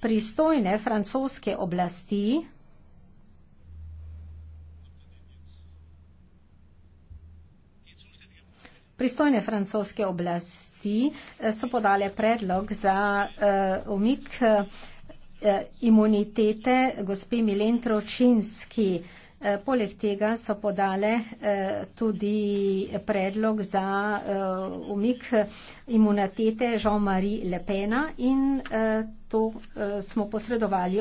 pristojne francoske oblasti pristojne francoske oblasti eh, so podale predlog za eh, umik eh, imunitete gospe Milen Tročinski. Eh, poleg tega so podale eh, tudi predlog za eh, umik imunitete Jean-Marie Le Pena in to smo posredovali.